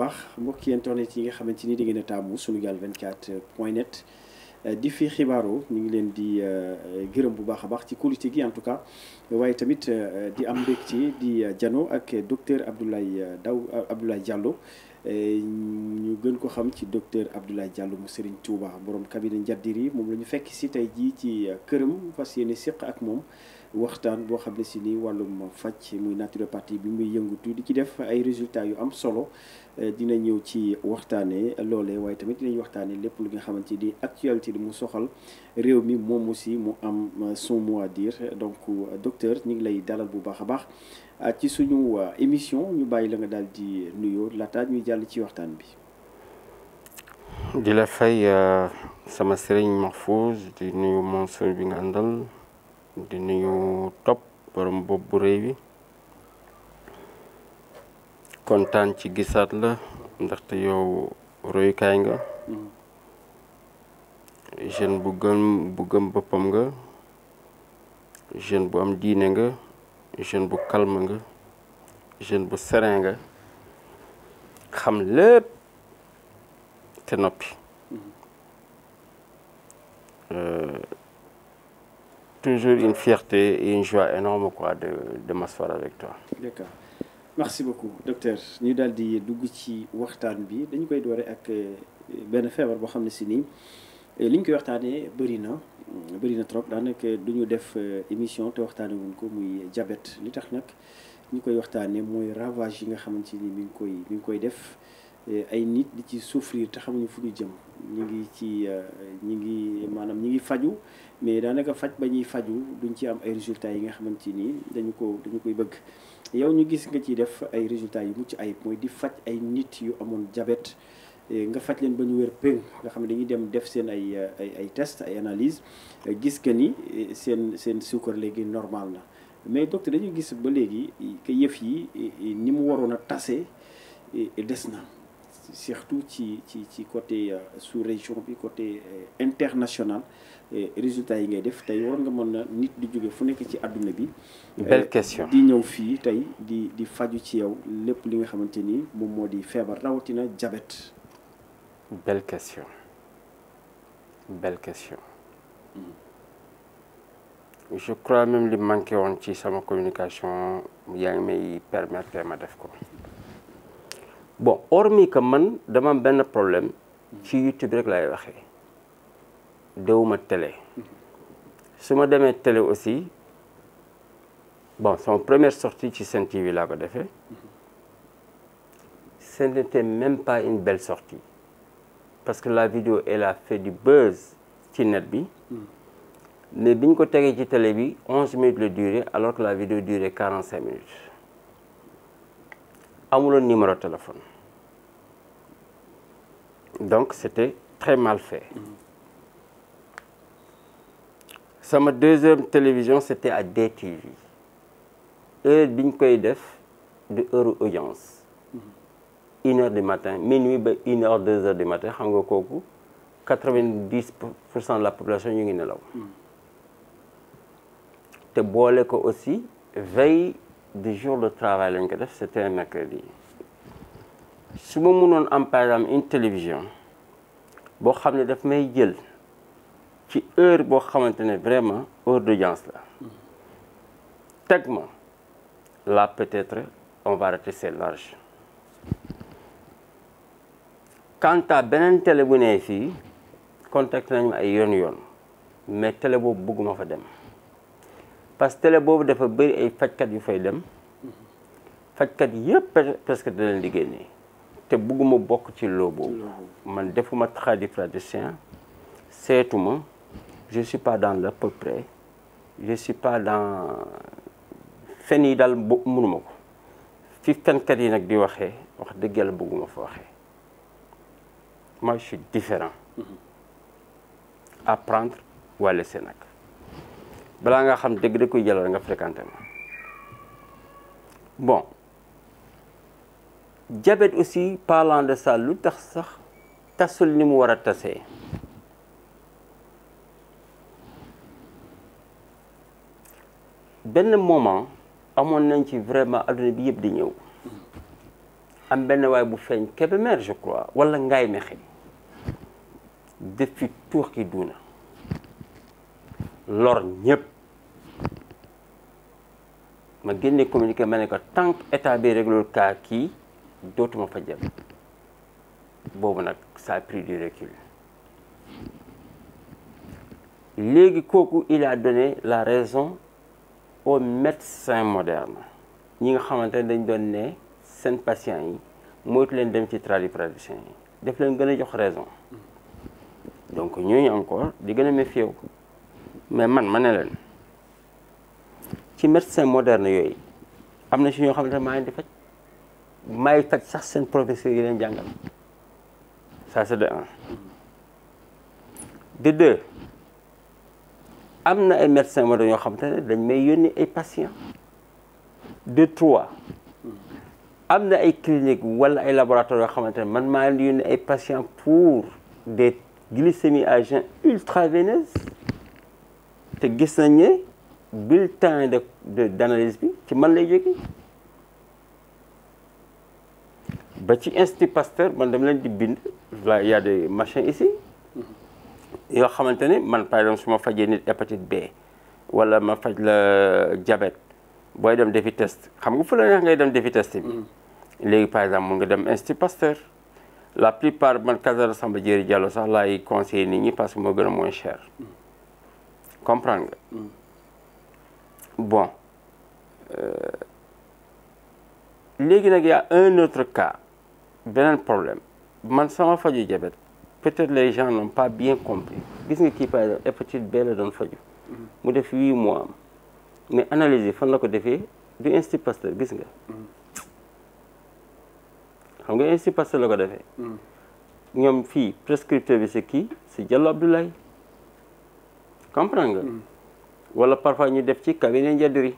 baax mbokki internet yi nga xamante ni di ngeen a taamu sunugal 24 point net euh, di fi xibaaroo ñu ngi leen di euh, gërëm bu baax a baax ci qualité gi en tout waaye tamit euh, di am mbégte di jano ak docteur Abdoulaye Daw Abdoulaye Diallo ñu gën ko xam ci docteur Abdoulaye Diallo mu Serigne Touba borom cabinet njaddir moom la ñu fekk si tey jii ci këram fas yéene séq ak moom. waxtaan boo xam ne si ni wàllum faj muy naturopathie bi muy yëngatu di ci def ay résultats yu am solo eh, dina ñëw ci waxtaanee loole waaye tamit dinañ waxtaanee lépp lu nga xamante ni actualité mu soxal réew mi moom aussi mu am euh, son mois à donc euh, docteur ñu ngi lay dalal bu baax a baax euh, ci suñu émission ñu bàyyi la nga daal di nuyoo laata ñuy jàll ci waxtaan bi. di la fay sama sëriñ Mahfouz di nuyu moom bi nga àndal. di nuyu topp borom bopp bu rëy kontaan ci gisaat la ndaxte yow royukaay nga jeune bu gëm boppam nga jeune bu am diine nga jeune bu calme nga jeune bu serein nga xam lépp te noppi mm-hmm. euh, toujours une fierté et une joie énorme quoi de de m'asseoir avec toi. beaucoup docteur ñu daal di dugg ci waxtaan bi dañu koy doore ak eh, benn feebar boo xam ne si nii eh, liñ koy waxtaanee bëri na bëri na trop daanaka du ñu def eh, émission te waxtaanee wuñ ko muy jabet li tax nag ñu koy waxtaanee mooy ravage yi nga xamante ni mi ngi koy mi ngi koy def. ay nit li ci souffrir te xamuñu fu ñu jëm ñu ngi ci ñu ngi maanaam ñu ngi faju mais daanaka faj ba ñuy faju duñ ci am ay résultats yi nga xamante nii dañu ko dañu koy bëgg yow ñu gis nga ci def ay résultats yu ci ay mooy di faj ay nit yu amoon diabète eh, nga faj leen ba ñu wér péng nga xam ne dañuy dem def seen ay ay ay test ay analyse eh, gis que ni eh, seen seen suukar léegi normal na mais docteur dañu gis ba léegi que yëf yi ni mu waroon a tase des na surtout ci ci ci côté euh, sous régions bi côté euh, international résultats yi ngay def tey war nga mën na nit di jóge fu nekk ci àdduna bi. belle euh, question di ñëw fii tey di di faju ci yow lépp li nga xamante ni moom moo di feebar rawatina diabète. belle question belle question. Mm. je crois même li manqué woon ci sama communication yaa ngi may permettre ma def ko bon hormis que man dama benn problème mm. ci YouTube rek laay waxee. dewuma télé su ma demee télé aussi bon son première sorti ci Sen TV laa ko defee ce n'était même pas une belle sorti parce que la vidéo elle a fait du buzz ci net bi mais bi ñu ko tegee ci télé bi onze minutes la durée alors que la vidéo durait quarante cinq minutes amuloon numéro téléphone donc c'était très mal fait sama deuxième télévision c'était à DTV heure bi ñu koy def du heure audience une heure du matin minuit ba une heure deux heures du matin xam nga kooku quatre-vingt-dix pour cent de la population ñu ngi nelaw te boole ko aussi veille du jour de travail lañ ko def c'était un mercredi su ma mënoon am par exemple une télévision boo xam ne daf may jël ci heure boo xamante ne vraiment heure d'audience la teg ma la peut-être on va rater c'est large quant à beneen télé bu ne fii contacté nañu ay yoon yoon mais télé boobu bëgguma fa dem parce que télé boobu dafa bëri ay fajkat yu fay dem fajkat yëpp parce que da di génne te bëgguma bokk ci loo boobu man defuma tradipraticien seetuma je suis pas dans l'à peu près je suis pas dans fen yi daal bu mënuma ko fi fenkat yi nag di waxee wax dëgg yàlla bëgguma fa waxe moi je suis différent mm-hmm. apprendre waa laisser nag balaa nga xam dëgg da koy jëlal nga fréquenté ma bon diabète aussi parlant de ça lu tax sax tasul ni mu war a tasee benn moment amoon nañ ci vraiment adduna bi yëpp di ñëw am benn waay bu feeñ Kébémer je crois wala ngay Mékhé def fi tuux ki duuna lor ñëpp ma génne communiqué ma ne ko tant que état bi réglul cas kii dootuma fa jëm boobu nag ça a pris du recul léegi kooku il a donné la raison aux médecins modernes ñi nga xamante ne dañ doon ne seen patients yi moytu leen dem ci tradipraticien yi def leen gën a jox raison donc ñooñu encore di gën a méfier wu mais man ma ne leen ci médecin moderne yooyu am na si ñoo xamante ne maa ngi di faj maa ngi faj sax seen professeurs yi leen jàngal ça c'est de un am na ay médecins ma dañoo xam te ne dañ may yónni ay patients de trois am na ay clinique wala ay laboratoire yoo xamante ne man maa ngi yónni ay patients pour des glycémies à jeun ultraveineuses te gis nañ ne bulletin de de d'analyse bi ci man lay jóge ba ci Institut Pasteur man dama leen di bind il y a des machins yoo xamante ni man par exemple su ma fajee nit hépatite B wala ma faj la diabète booy dem defi test xam nga fu la neex dem defi test bi. Mm. léegi par exemple mun nga dem institut Pasteur la plupart man Casa Samba Diéry Diallo sax laay conseiller nit ñi parce que moo gën a moins cher. Mm. comprendre nga. Mm. bon euh, léegi nag y a un autre cas beneen problème man sama faju jabet peut-être les gens n'ont pas bien compris gis nga kii par exemple hépatite B la doon faju mm-hmm. mu def huit mois am mais analyse fan la ko defee du Institut Pasteur gis nga mm-hmm. xam nga Institut Pasteur la ko defee mm-hmm. ñoom fii prescripteur bi c'est kii c'est Diallo Abdoulaye comprendre nga wala parfois ñu def ci cabinet njadiri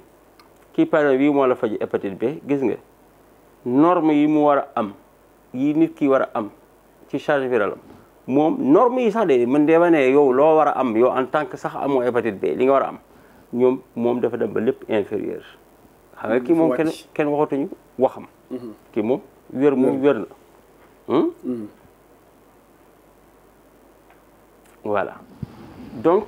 kii par exemple huit mois la faju hépatite B gis nga norme yi mu war a am yi nit kii war a am ci charge virale am moom norme yi sax de man de ma ne yow loo war a am yow en tant que sax amoo hépatite B li nga war am ñoom moom dafa dem ba lépp inférieur. xam nga kii moom kenn kenn waxatuñu waxam. Mhm. kii moom wér moom wér na. Hmm? Mhm. voilà donc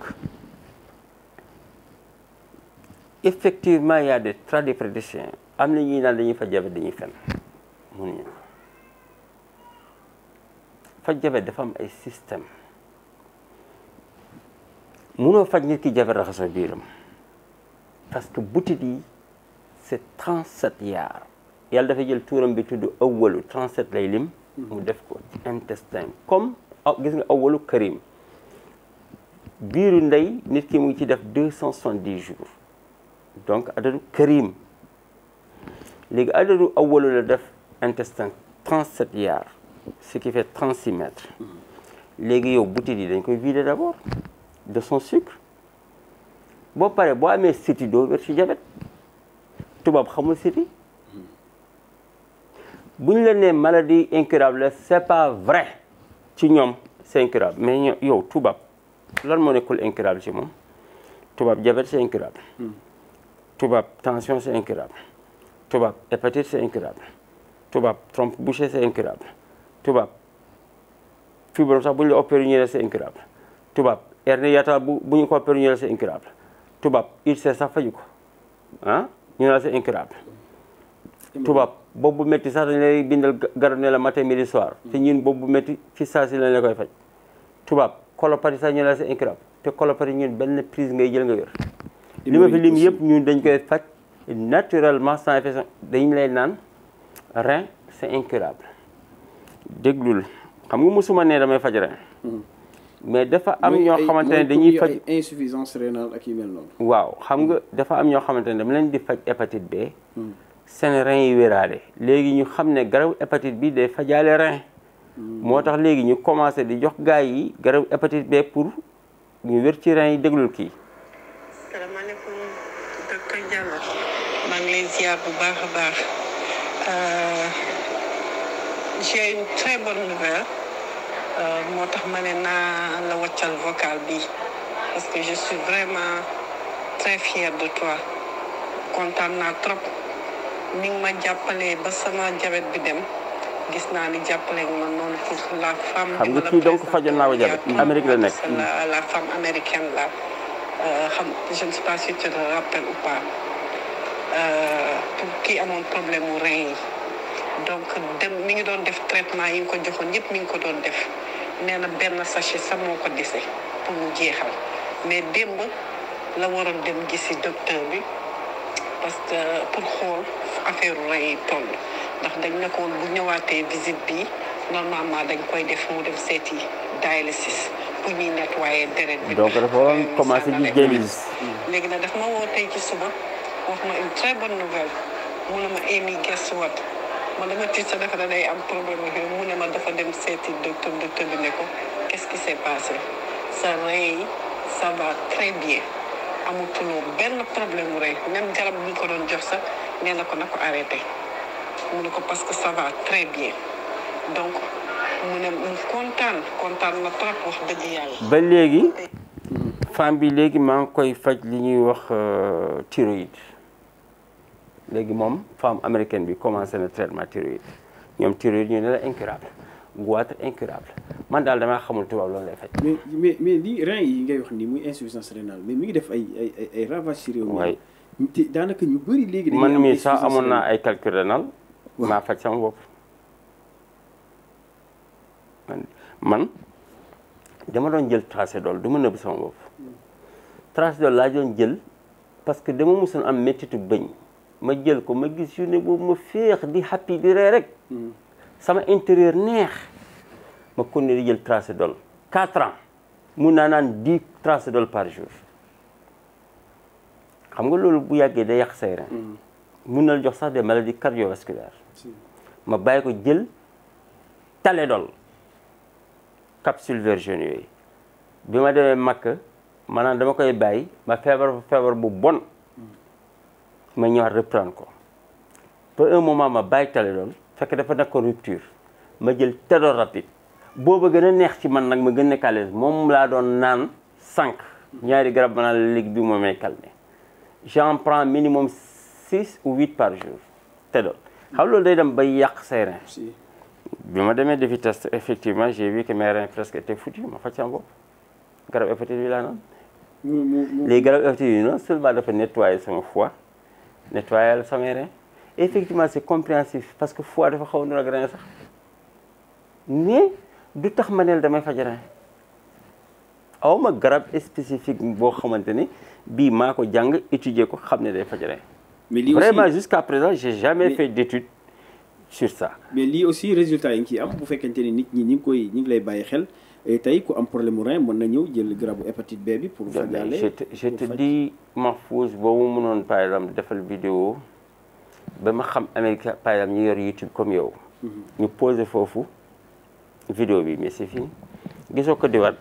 effectivement y a des tradis praticiens am na ñuy naan dañuy fa jafe dañuy fen mënuñu faj jabet dafa am ay système munoo faj nit ki jabet raxasoo biiram parce que butit yi c'est 37 yaar yàlla dafa jël tuuram bi tudd awwalu 37 lay lim mu def ko intestin comme ah, gis nga awwalu karim biiru ndey nit ki mu ngi ci def 270 jours donc adadu karim léegi adadu awwalu la def intestin 37 yaar ce qui fait 36 mètres léegi yow bouteille yi dañ koy vider d' de son sucre boo paree boo amee siti doo wér jabet tubaab xamul siti bu ñu la nee maladi incurable la c' est pas vrai ci ñoom c' incurable mais ño yow tubaab lan moo nekkul incurable ci moom tubaab jabet c' est incurable tubaab tension c' est incurable tubaab hépatite c' est incurable tubaab trompe bouchée c' est incurable tubaab fibrome sax bu ñu la opéré ñu ne c'est incurable tubaab hernie hiatale bu bu ñu ko opéré ñu ne c'est incurable sax faju ko ah ñu ne c'est incurable tubaab boobu metti sax dañ lay bindal garab ne la matin midi soir te ñun boobu métti ci saa si lañ la koy faj tubaab colopathie sax ñu ne c'est incurable te colopathie ñun benn prise ngay jël nga yor li ma fi lim yëpp ñu dañ koy faj naturellement sans effet dañ lay naan rein c'est incurable déglul xam nga musuma ne damay faj rek hmm. mais dafa am ñoo xamante ne dañuy faj insuffisance rénale ak waaw xam nga hmm. dafa am ñoo xamante ne dama leen di faj hépatite B hmm. seen rein yi wéraale léegi ñu xam ne garabu hépatite bi de fajaale rein moo tax léegi ñu commencé di jox gaay yi garab hépatite B pour ñu wér ci rein yi déglul kii j'ai une très bonne nouvelle euh, moo tax ma ne naa la wàccal vocal bi parce que je suis vraiment très fière de toi kontaan naa trop ni nga ma jàppalee ba sama jabet bi dem gis naa ni jàppale nga ma noonu pour la femme. xam nga kii donc fajoon naa ko jabet Amérique la nekk la femme américaine la euh, xam je ne sais pas si tu te rappelles ou pas euh, pour kii amoon problème mu rein yi. donc dem mi ngi doon def traitement yi nga ko joxoon yëpp mi ngi ko doon def nee na benn sachet sax moo ko dese pour mu jeexal mais démb la waroon dem gisi docteur bi parce que pour xool affaire rey toll ndax dañ nekkoon ko woon bu ñëwaatee visite bi normalement dañ koy def mu dem seeti dialysis pour ñuy waaye deret bi. donc dafa waroon commencé ma woo tey ci suba wax ma une très bonne nouvelle mu ne ma Amy guess man dama tiit sa dafa day am problème bi mu ne ma dafa dem seeti docteur docteur bi ne ko qu'est-ce qui s'est passé sa rey yi ça va très bien amutuloo benn problème mu rey même garab bu ñu ko doon jox sax nee na ko nag ko arrêté mu ne ko parce que ça va très bien donc mu ne mu kontaan kontaan na trop wax dëgg yàlla. ba léegi femme bi léegi maa ngi koy faj li ñuy wax thyroïde. léegi moom femme americain bi commencé na traitement thyroïde ñoom thyroïde ñu ne la incurable goitre incurable man daal damaa xamul tubaab loolu lay faj. mais yi ngay wax nii muy insuffisance rénale mais mi ngi def ay ay ay ravages daanaka ñu bëri mii sax amoon naa ay calcul rénal. maa faj sama bopp. man dama doon jël Tramadol du ma nëbb sama bopp mm. Tramadol laa doon jël parce que dama musoon am méttitu bëñ. ma jël ko ma gis journée boobu ma féex di happy di ree rek mm-hmm. sama intérieur neex ma continuer di jël Tramadol quatre ans mun naa naan dix Tramadol par jour xam nga loolu bu yàggee day yàq mm-hmm. mun na la jox sax des maladies cardiovasculaires ma bàyyi ko jël Taledol capsule version yooyu bi ma demee Makka maanaam dama koy bàyyi ma feebar feebar bu bon ma ñëwaat reprendre ko ba un moment ma bàyyi tale doon fekk dafa nekkoon rupture ma jël tedo rapide booba gën a neex ci man nag ma gën nekk à moom laa doon naan cinq ñaari garab ma naan léegi bi moo may calmer j'en prends minimum six ou huit par jour tedo xam loolu day dem bay yàq say bi ma demee defi test effectivement j'ai vu que mes presque te foutus ma faj sama bopp garab hépatite bi laa naan léegi garab hépatite bi nettoyal sama rein effectivement c'est compréhensif parce que fois dafa xaw a rein sax mais du tax ma ne damay faj rein aw ma garab spécifique boo xamante ni bii maa ko jàng étudier ko xam ne day faj mais lii aussi vraiment jusqu'à présent j'ai jamais fait d'étude sur sax mais lii aussi résultat yi nga ciy am bu fekkente ni nit ñi ñu ngi koy ñu ngi lay bàyyi xel. et tey ku am problème mu rein na ñëw jël garabu hépatite B bi pour fajale je te je te dis boobu mënoon par exemple defal vidéo ba ma xam Amérique par exemple ñu yor YouTube comme yow mhm. ñu posé foofu vidéo bi mais c'est fini gisoo ko diwaat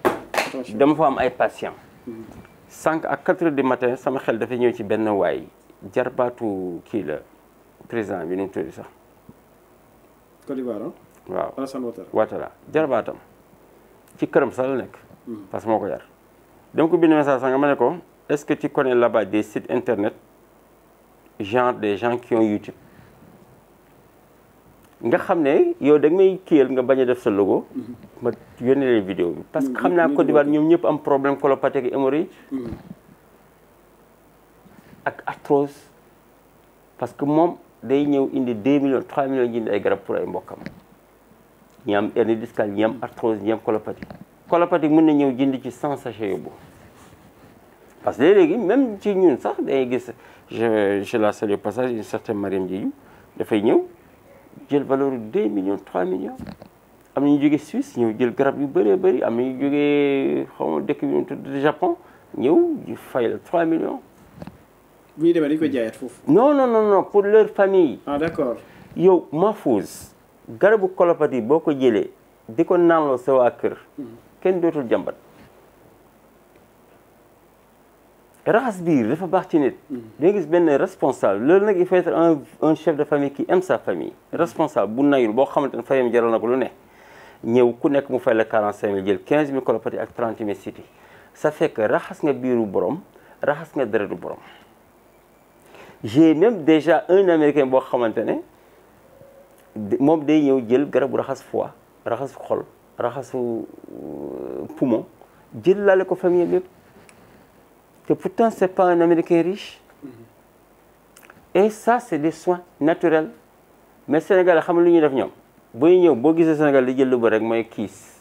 dama fa am ay patient mhm. cinq ak quatre heures du matin sama xel dafa ñëw ci benn waay jarbaatu kii la président bi nu mu tudd sax Côte d'Ivoire waaw Alassane jarbaatam ci këram sax la nekk. parce mm-hmm. que moo ko yar. dama ko bind message sax nga ma ne ko est-ce que tu connais là-bas des sites internet genre des gens qui ont YouTube nga xam ne yow da nga may kiyal nga bañ a def sa logo. Mm-hmm. ma yónnee leen vidéo bi. parce que xam naa mm-hmm. Côte d'Ivoire ñoom ñëpp am problème colopathie ak hémorroïde ak arthrose parce que moom day ñëw indi 2 millions 3 millions jënd ay garab pour ay mbokkam. ñi am hernie discale ñi am arthrose ñi am colopathie colopathie mën na ñëw jënd ci 100 sachets yóbbu parce que léegi même ci ñun sax day gis je je la salue au passage une certaine Mariam Diédhiou dafay ñëw jël valeur 2 millions 3 millions am na ñu jógee Suisse ñëw jël garab yu bëree bëri am na ñu jógee xaw ma dëkk bi Japon ñëw ñu fay la 3 millions. bu ñu demee dañu koy jaayaat foofu. non non non non pour leur famille. ah d'accord yow Mahfouz. garabu kolopati boo ko jëlee di ko naanloo sa waa kër kenn dootul jàmbat raxas biir dafa baax ci nit mm. da nga gis benn responsable loolu nag i faut être un un chef de famille qui aime sa famille mm. responsable bu nayul boo xamante ne famille jaral na ko lu ne ñëw ku nekk mu fay la quarante jël quinze mille kolopati ak trente mille city ça fait raxas nga biiru borom raxas nga deretu borom j'ai même déjà un américain boo xamante ne moom day ñëw jël garabu raxas fois raxasu xol raxasu euh, poumon jël laale ko famille lépp te pourtant c'est pas un américain riche mm-hmm. et ça c'est des soins naturels mais Sénégal xam lu ñuy def ñoom booy ñëw boo gisee Sénégal di jël lu bëri rek mooy kiis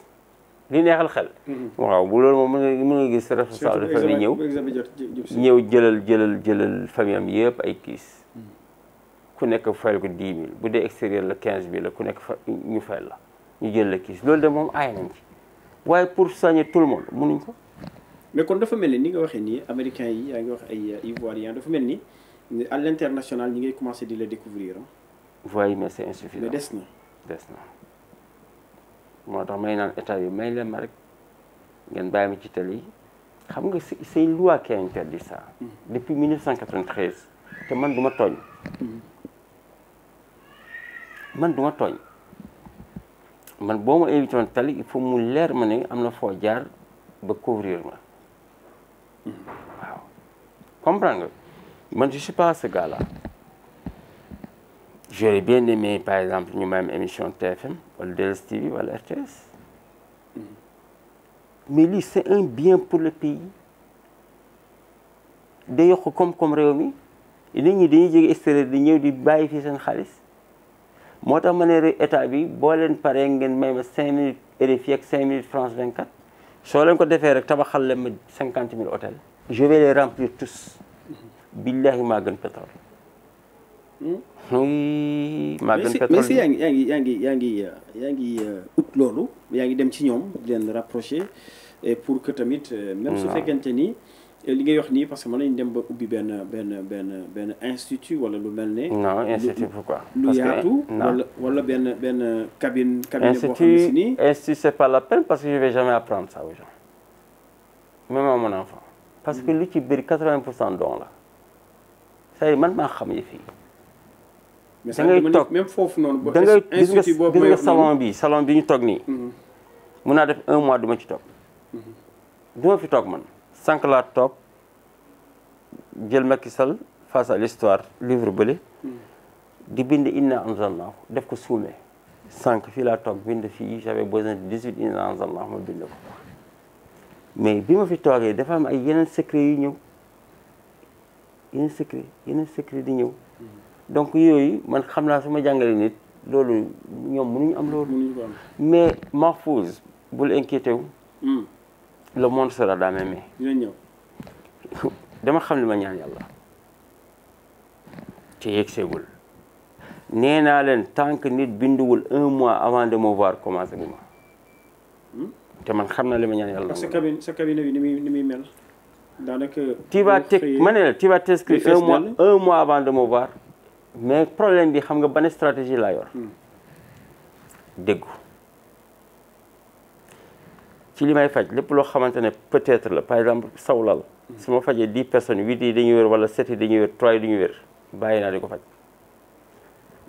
li neexal xel. Mm-hmm. waaw bu loolu moom mën nga gis responsable de famille ñëw ñëw jëlal jëlal jëlal famille am yëpp ay kiis. ku nekk fayal ko 10 000 bu dee extérieur la 15 000 la ku nekk fa ñu fayal la ñu jël la kiis loolu de moom aay nañ ci waaye pour sañe tout le monde mënuñ ko. mais kon dafa mel ni ni nga waxee nii américains yi yaa ngi wax ay ivoiriens dafa mel ni à l' international ñi ngay commencé di la découvrir voyez mais c' est insuffisant mais des na des na moo tax may naan état bi may leen ma rek ngeen bàyyi ma ci télé yi xam nga c' est loi qui a interdit ça mm. depuis 1993 te man du ma tooñ mm. man du tooñ man boo ma invité woon il faut mu leer ma ne am na foo jaar ba couvrir ma waaw man je suis pas ce gars là j'aurais bien par exemple ñu may am émission TFM wala DSTV wala RTS mais lii c'est un bien pour le pays day yokk koom-koom réew mi nit ñi dañuy jóge extérieur di ñëw di bàyyi fii seen xaalis moo tax ma ne état bi boo leen paree ngeen may ma cinq minutes RFI ak cinq minutes France 24 soo leen ko defee rek tabaxal leen ma cinquante mille hôtels je vais remplir tous billahi maa gën pétrole hmm? Hmm? maa gën pétrole mais yaa ngi yaa ngi yaa ngi yaa euh, loolu yaa ngi dem ci ñoom di leen rapprocher et pour que tamit euh, même su hmm. fekkente ni li ngay wax nii parce que mën nañu dem ba ubbi benn benn benn benn institut wala lu mel ne. non institut pourquoi. wala benn benn cabine. cabine boo xam ne si institut c'est pas la peine parce que je vais jamais apprendre ça aux gens même à mon parce que mm-hmm. lu ci bëri 80 pour cent don la cest à man maa xam yi fi da ngay toog même foofu noonu. da ngay gis nga gis nga salon bi salon bi ñu toog nii. Mm-hmm. mun naa def un mois du ma ci toog. Mm-hmm. du ma fi toog man. sànq laa toog jël Macky Sall face à l'histoire livre bële di bind inna anzalnaahu def ko suumee sànq fii laa toog bind fii j'avais besoin de 18 inna anzalnaahu ma bind ko mais bi ma fi toogee dafa am ay yeneen secret yu ñëw yeneen secret yeneen secret di ñëw donc yooyu man xam naa su ma jàngalee nit loolu ñoom mënuñu am loolu mais Mahfouz bul inquiété wu hmm. le monde sera dans mes mains. dama xam li ma ñaan yàlla. te yegg seegul nee naa leen tant que nit binduwul un mois avant de me voir commencé gu hmm? te man xam na li ma ñaan yàlla. sa cabine sa cabine bi ni muy ni muy ma ne la tu un mois un avant de me voir mais problème bi xam nga bane stratégie laa yor. Hmm. ci may faj lépp loo xamante ne peut-être la par exemple saw la su ma fajee dix personnes huit yi dañuy wér wala sept yi dañuy wér trois yi dañuy wér bàyyi naa di ko faj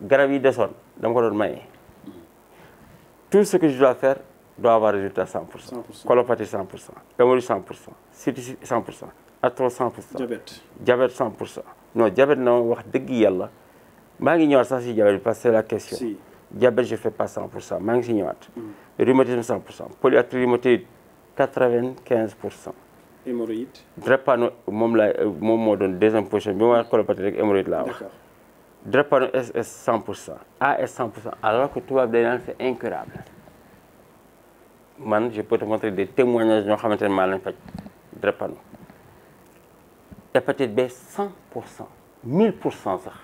garab yi desoon dama ko doon maye tout ce que je dois faire doit avoir résultat cent pour cent colopathie cent pour cent hémorragie cent pour cent cystite cent pour cent arthrose cent pour cent diabète cent pour cent non diabète na wax dëgg yàlla maa ngi ñëwaat sax si diabète bi parce que c'est la question si. diabète je fais pas 100 pour cent maa ngi si ñëwaat. rhumatisme 100 pour cent polyarthrite rhumatoïde pour cent. hémorroïde. pa moom laa moom moo doon deuxième position bi ma wax colopathie rek hémorroïde laa la drépano SS 100 pour cent AS 100 pour cent alors que tubaab day c'est incurable man je peux te montrer des témoignages ñoo xamante ne maa leen faj drépano hépatite B 100 pour cent 1000 pour cent sax.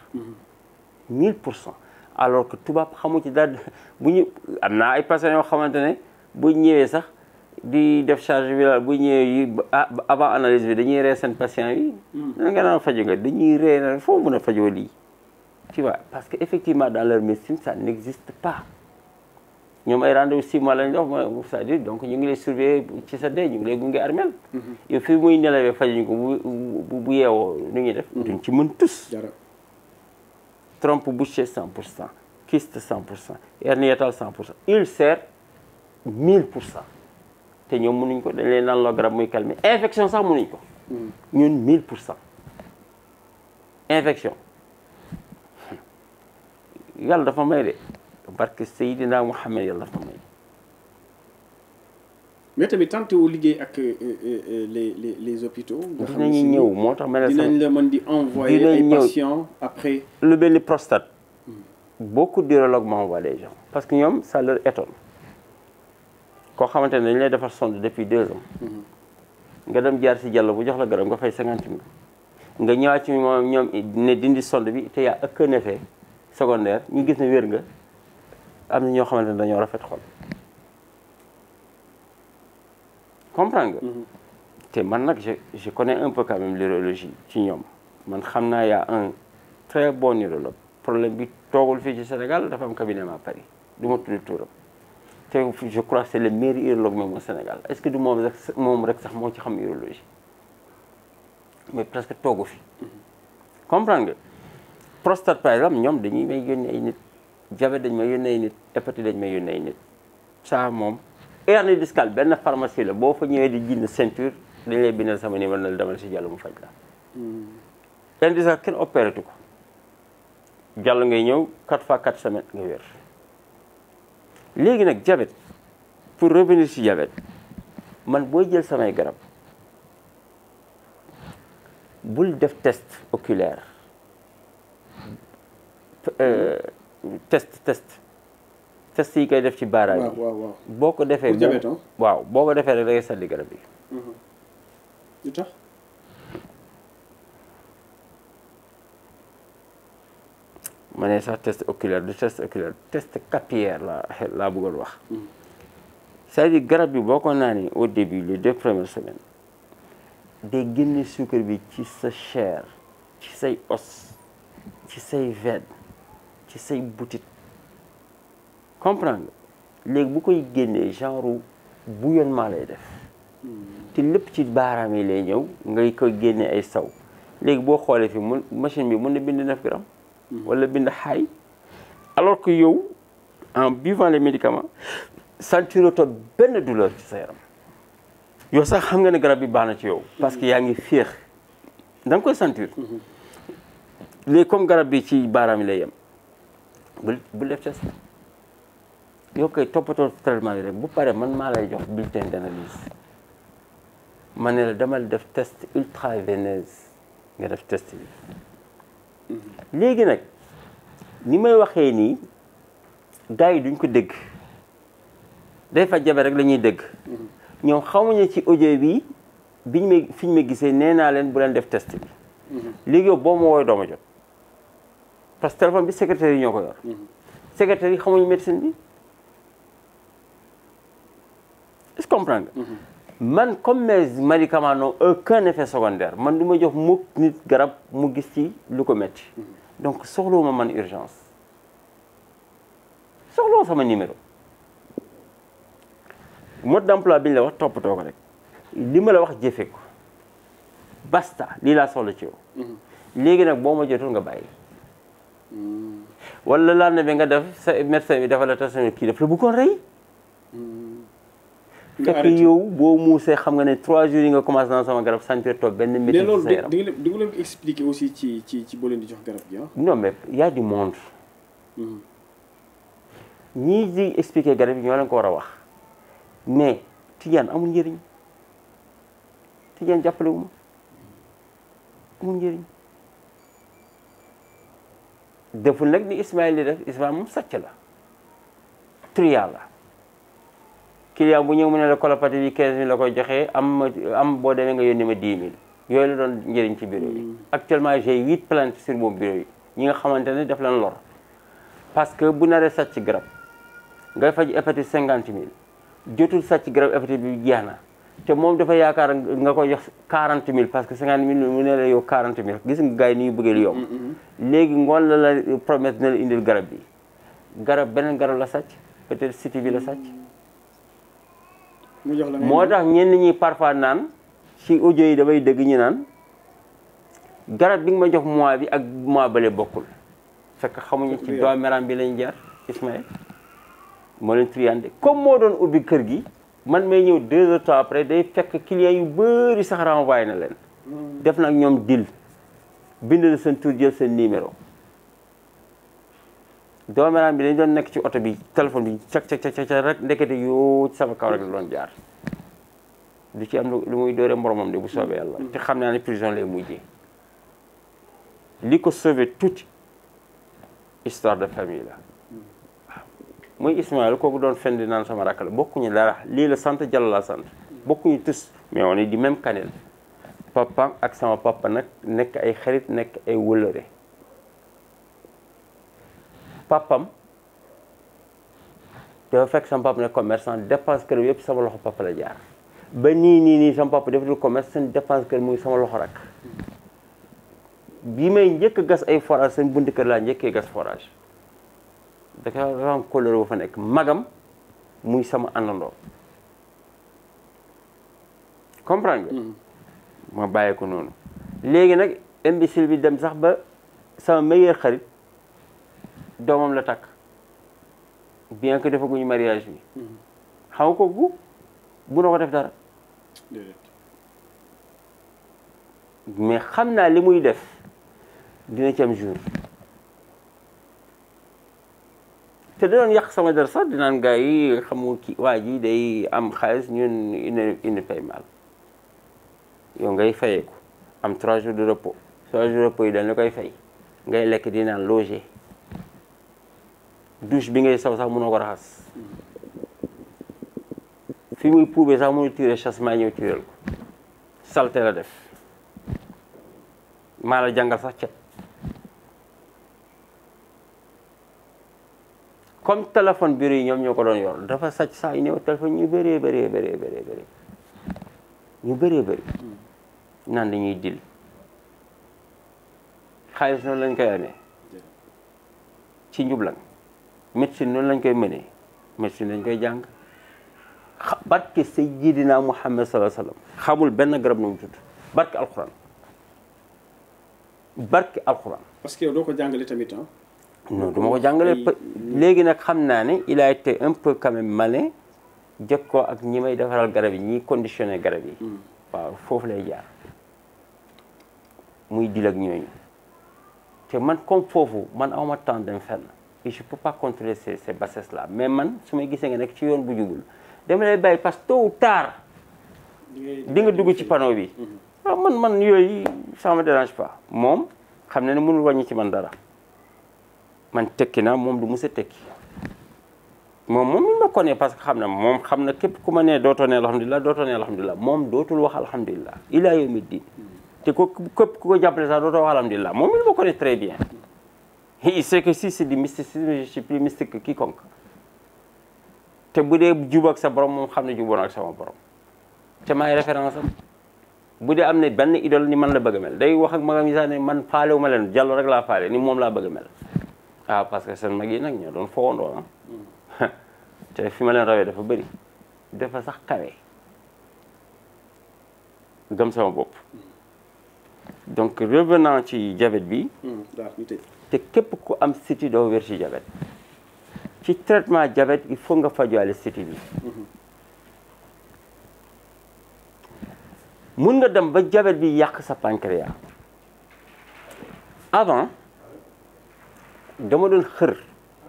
Mhm. pour cent. alors que tubaab xamu ci daal bu ñu am naa ay patients yoo xamante ne bu ñëwee sax di def charge virale bu ñëwee ah avant analyse bi dañuy ree seen patient yi. nan hmm. nga naan faju nga dañuy ree na foo mën a fajoo lii. tu vois parce que effectivement dans leur médecine ça n'existe pas ñoom ay rendez-vous six mois lañ dox mooy cest à donc ñu ngi lay surveiller ci sa dee ñu ngi lay gunge armel. Hmm. yow fii muy nelawee fajuñ ko bu bu yeewoo ñu ngi def. Hmm. duñ ci mën tus. trompe bouchée 100 pour cent kyste 100 pour cent hernie hiatale 100 pour cent ulcère 1000 pour cent te ñoom nuñ ko dañ leen naan loo garab muy calmer infection sax mënuñ ko ñun 1000 pour cent infection yàlla dafa may de barke Seydina Mouhamed yàlla dafa may de mais tamit tantewul liggéey ak euh, euh, euh, les les les hôpitaux. nga xam ne ñëw moo tax. dinañ la mën di envoyer ay patients après. lu benn prostate. Hmm. beaucoup d'urologues m'envoient des gens parce que ñoom ça leur koo xamante ne dañu lay defar sonde depuis deux ans. Hmm. nga dem jaar si jàll bu jox la garab nga fay cinquante nga ñëwaat ci moom ñoom ne dindi sonde bi te yaa aucun effet secondaire ñu gis ne wér nga am na ñoo xamante ne dañoo rafet xol. comprends nga. Mhm. te man nag je je connais un peu quand même l'urologie ci ñoom man xam naa y'a un très bon urologue problème bi toogul fii ci Sénégal dafa am cabinet à Paris du ma tudd turam te je crois que c'est le meilleur urologue même au Sénégal est-ce que du moom rek moom rek sax moo ci xam urologie mais presque toogu fii mhm. comprendre nga prostate par ñoom dañuy may yónnee ay nit diabète dañ may yónnee nit hépatite dañ may yónnee ay nit ça moom hernie discale benn pharmacie la boo fa ñëwee di jënd ceinture dañ lay bindal sama numéro na la demal si Diallo mu faj la hmm. hernie discale kenn opéré ko Diallo ngay ñëw 4 fois 4 semaines nga wér léegi nag diabète pour revenir si diabète man booy jël samay garab bul def test oculaire euh, test test test yi koy def ci baaraam yi waaw waaw boo ko defee waaw boo ko defee rek da ngay garab mhm. ne sax test oculaire la laa bëggoon mhm. garab bi boo ko naanee au début les deux premières semaines day génne suukar bi ci sa chair ci say os ci say veine ci say butit comprendre léegi bu koy génnee genre bouillonnement lay def ti lépp ci baaraam yi lay ñëw nga koy génnee ay saw léegi boo xoolee fi mun machine bi mun na bind 9 grammes wala bind xaay alors que yow en buvant les médicament sentiro to benn douleur ci sa yaram yow sax xam nga ne garab bi baax na ci yow parce que yaa ngi féex da nga koy sentir mhm. léegi comme garab bi ci baaraam yi lay yem bu bu def test yoo koy toppatoo traitement yi rek bu pare man maa lay jox bulletin d' analyse ma ne la demal def test ultraveineuse nga def test bi léegi nag ni may waxee nii gars yi duñ ko dégg day fa jabe rek lañuy ñuy dégg ñoom xamuñu ci audio bi biñ may fi ñu ma gisee nee naa leen bu leen def test bi léegi yow boo ma wooy dooma jot parce que téléphone bi secrétaire yi ñoo ko yor mhm. secrétaire yi xamuñu médecine bi comprendre man comme mes médicaments n'ont aucun effet secondaire man du ma jox mukk nit garab mu gis ci lu ko metti donc ma man urgence soxlaw sama numéro mode d'emploi bi ñu la wax toppatoo ko rek li ma la wax jëfe ko basta lii laa soxla ci yow léegi nag boo ma jotul nga bàyyi hmm. wala laal na bi nga def sa médecin bi dafa la tax kii def la bëggoon rey hmm. fekk yow boo muusee xam nga ne trois jours yi nga commencé naan sama garab sentir toog benn métti ci sa yaram. loolu di nga aussi ci ci ci boo leen di jox garab gi ah? non mais y a du monde. Mm-hmm. garab yi ñoo leen ko war a wax mais tijaan amul njëriñ tijaan jàppale wu amul njëriñ deful nag ni Ismaël li def Ismaël moom sàcc la trial la. client bu ñëw mu ne la colopathie bi la koy joxee am am boo demee nga yónni ma 10000 yooyu la doon njëriñ ci bureau yi. Hmm. actuellement j'ai huit plaintes sur mon yi ñi nga xamante ne daf lan lor parce que bu naree sàcc garab ngay faj hépatite 50000 jotul sàcc garab hépatite bi jeex na te moom dafa yaakaar nga koy jox quarante 40000 parce que 50000 mu ne la yow 40000 gis nga gars ni ñu bëggee lu yomb. Hmm, hmm, léegi ngoon la la promesse na la indil garab bi garab beneen garab la sàcc peut-être cité bi la sàcc. moo tax ñenn ñi parfois naan si audio yi damay dégg ñu naan garab bi nga ma jox mois bi ak mois bale bokkul fekk xamuñu ci doomeram bi lañ jaar Ismaël moo leen triyande comme moo doon ubbi kër gi man may ñëw deux heures temps après day fekk clients yu bëri sax renvoyé na leen hmm. def nag ñoom dil bind na seen tur jël seen numéro doomeraam bi dañ doon nekk ci oto bi téléphone bi cak cak cak cak rek ndekete yoo ci sama kaw rek la doon jaar du ci am lu muy dooree moromam de bu soobee yàlla mm-hmm. te xam naa ne prison lay mujjee li ko sauvé tuuti histoire de famille la waaw mm-hmm. muy Ismaël kooku doon fen di naan sama rakk la bokkuñu dara lii la sant Diallo laa sant mm-hmm. bokkuñu tous mais on est du même canal papa ak sama papa nag nekk ay xarit nekk ay wëllëre papam dafa fekk sama papa ne commerçant dépense kër yëpp sama loxo papa la jaar ba nii nii nii sama papa defatul commerce seen dépense kër muy sama loxo rek bi may njëkk gas ay forage seen bunt kër laa njëkkee gas forage dafa ram couleur bu fa nekk magam muy sama àndandoo comprendre nga mm. ma noonu léegi nag imbécile bi dem sax ba sama meilleur xarit doomam la takk bien que defaguñu mariage bi xam ko bu bu na ko def dara mais xam naa li muy def dina ci jour te da doon yàq sama der sax dinaan gars yi xamu ki waa ji day am xaalis ñun une une paie mal yow ngay fayeeku am trois jours de repos trois jours de repos yi dañ la koy fay ngay lekk dinaan loger douche bi ngay saw sax mënoo ko raxas fi muy puubee sax mënul tiré chasse maa ñëw tiréel ko salte la def maa la jàngal sax cet comme téléphone bureau yi ñoom ñoo ko doon yor dafa sàcc saa yu néew téléphone ñu bëree bëree bëree bëree bëree ñu dil xaalis noonu lañ koy amee ci njublan médecine noonu lañ koy mënee médecine lañ koy jàng barke sayyidina Muhammad sallallahu alayhi wasallam xamul benn garab nu mu tudd barke alxuraan barke alxuraan. parce que yow doo ko jàngale tamit ah. non du léegi nag xam naa ne il te été un peu quand ak ñi may defaral garab yi ñiy conditionné garab yi. Hmm. waaw foofu lay jaar muy dil ak ñooñu te man kom foofu man awma temps dem fenn. et je peux pas contrôler ces ces man su may gisee nga nekk ci yoon bu jubul dama lay bàyyi parce que tôt ou tard di nga dugg ci pano bi waaw ah, man man yooyu ça me dérange pas moom xam na ne mënul wàññi ci man dara man tekki na moom du mës tekki moom moom il ma connaît parce que xam na moom xam na képp ku ma nee dootoo ne alhamdulilah dootoo ne alhamdulilah moom dootul wax alhamdulilah ilaa yawmi diin te ko képp ku ko jàppale sax dootoo wax alhamdulilah moom il ma connaît très il sait que si c'est du mysticisme je suis plus mystique que quiconque te bu dee jub ak sa borom moom xam ne juboon ak sama borom te maay référence am bu dee am ne benn idole ni man la bëgg a mel day wax ak magam yi sax ne man faale ma leen jàllo rek laa faale ni moom laa bëgg mel ah parce que seen mag yi nag ñoo doon fowandoo ah te fi ma leen rawee dafa bëri dafa sax kawe gëm sama bopp hmm. donc revenant ci jabet bi hmm, te képp ku am siti doo wér ci ci traitement diabète il faut nga faj fajuwaale siti bi mun nga dem ba diabète bi yàq sa pancréas avant dama doon xër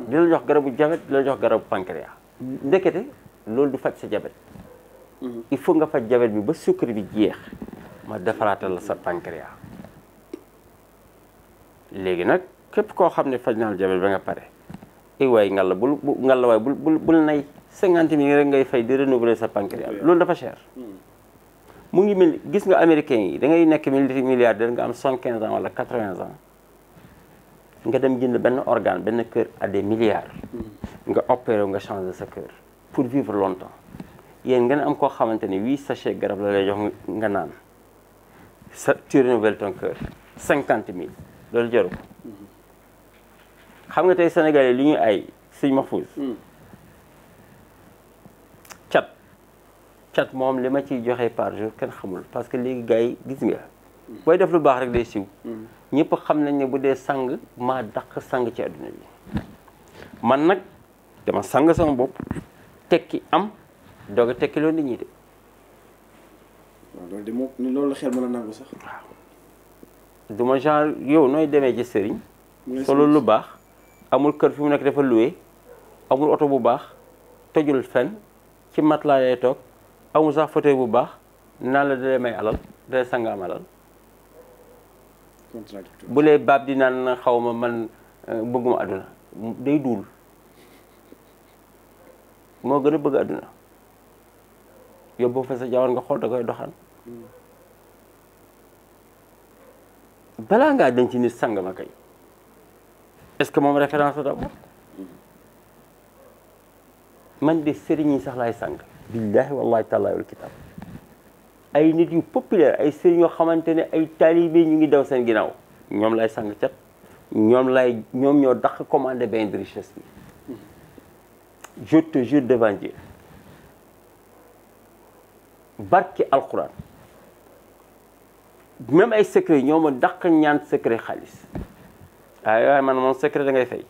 di la jox garabu diabète di la jox garabu pancréas ndekete loolu du faj sa jabet mm-hmm. il faut nga faj diabète bi ba sucre bi jeex ma defaraatal la sa pancréas léegi nag képp koo xam ne faj naa la ba nga pare ay waay ngalla bul bu ngalla waay bul bul bul nay cinquante mille rek ngay fay di renouveler sa pancréas loolu dafa cher hmm. mu ngi mel gis nga américain yi da ngay nekk mili milliardaire nga am cent quinze ans wala quatre vingt ans nga dem jënd benn organe benn cœur à des milliards hmm. nga opéré nga changé sa cœur pour vivre longtemps yéen ne am koo xamante ne sa sachet garab la lay jox nga naan sa tu renouvelles ton cœur cinquante mille loolu jaru ko hmm. xam nga tey sénégalais li ñu ay sëñ Mahfouz hmm. cat cat moom li ma ciy joxe par jour kenn xamul parce que léegi gars yi gis nga hmm. booy def lu baax rek day siw hmm. ñëpp xam nañ ne bu dee sang maa daq sang ci adduna bi man nag dama sang sama bopp tekki am doog a tekki loolu nit ñi de waaw loolu la xel mën a nangu sax waaw genre yow nooy demee ci sëriñ solo lu baax amul kër fi mu nekk dafa loué amul oto bu baax tojul fenn ci matelas lay toog amul sax fauteuil bu baax naan la dalee may alal dalee sanga alal bu lee baab di naan xaw ma man euh, bëgguma àdduna day duul moo gën a bëgg àdduna yóbbu fa sa jawar nga xool da koy doxaan hmm. balaa ngaa denc nit sang ma kay est que moom référence la d'abord man de sëriñ yi sax lay sàng billahi wallahi taala wal kitab ay nit yu populaire ay sëriñ yoo xamante ne ay taalibe ñu ngi daw seen ginaaw ñoom lay sàng cat ñoom lay ñoom ñoo daq commandé bain de richesse bi je te jure devant Dieu barki ay secret ñoo ma daq ñaan secret xaalis waaye ah, mm. ah, waaye man moom secret da ngay fay.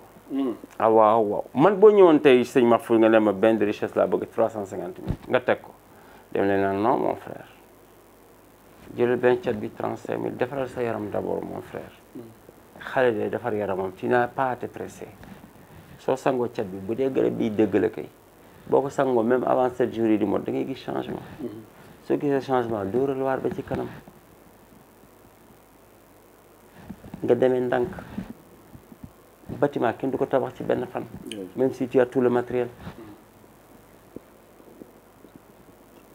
waaw man boo ñëwoon tey sëñ Mahfouz nga ne ma benn richesse laa bëgg trois cent cinquante nga teg ko dem leen naan non mon frère jëlal benn cat bi trente cinq mille defaral sa yaram d'abord mon frère xale mm. de defar yaramam ci naa pas te soo sangoo cat bi bu dee garab bi dëgg la kay boo ko sangoo même avant sept jours yi di mot da ngay gis changement mm-hmm. soo gisee changement dóoral waar ba ci kanam nga demee ndànk bâtiment kenn du ko tabax ci benn fan même si tu tout le matériel